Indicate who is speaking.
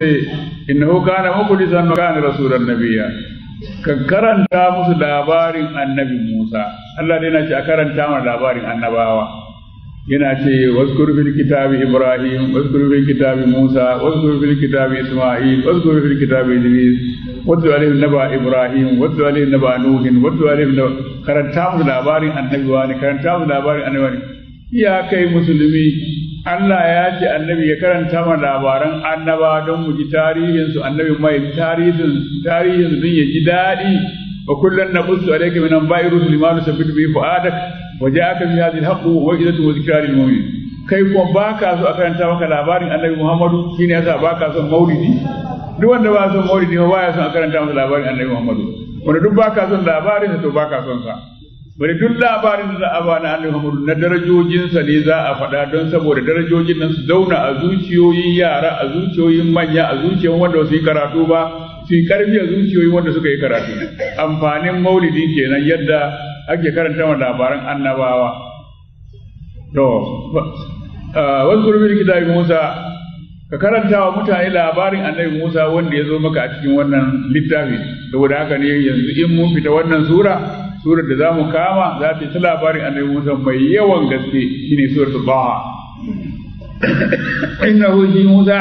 Speaker 1: Eh, innahu kana mukhlisan wa kana rasulan nabiyya ka karanta musu labarin annabi Musa Allah dai yana ce a karanta mana labarin annabawa yana ce wazkur fil kitabi Ibrahim wazkur fil kitabi Musa wazkur fil kitabi Isma'il wazkur fil kitabi Idris wazkur alayhi naba Ibrahim wazkur alayhi naba Nuh wazkur alayhi naba karanta musu labarin annabi wani karanta musu labarin annabi iya kai musulmi Allah ya ce annabi ya karanta ma labaran annaba don mu ji tarihinsu annabi mai tarihin tarihin din ya ji daɗi wa kullun nabussu alayka min anba'i rusuli ma nusabbitu bihi fu'adak wa ja'aka bi hadhihi al-haqqu wa idzatu wa zikra lil mu'min kai kuma baka so a karanta maka labarin annabi Muhammadu shine yasa baka son maulidi duk wanda ba son maulidi ba ya son a karanta masa labarin annabi Muhammadu wanda duk baka son labarin to baka son sa bari duk labarin da za a bani an Muhammadu na darajojinsa ne za a faɗa don saboda darajojin nan su zauna a zuciyoyin yara a zuciyoyin manya a zuciyoyin wanda su yi karatu ba su yi karfi a zuciyoyin wanda suka yi karatu amfanin maulidi kenan yadda ake karanta wa labaran annabawa to gurbin kita yi Musa ka karanta wa mutane labarin annabi Musa wanda ya zo maka a cikin wannan littafi saboda haka ne yanzu in mun fita wannan sura surar da zamu kama za ta ta labarin annabi Musa mai yawan gaske shine surar Taha innahu Musa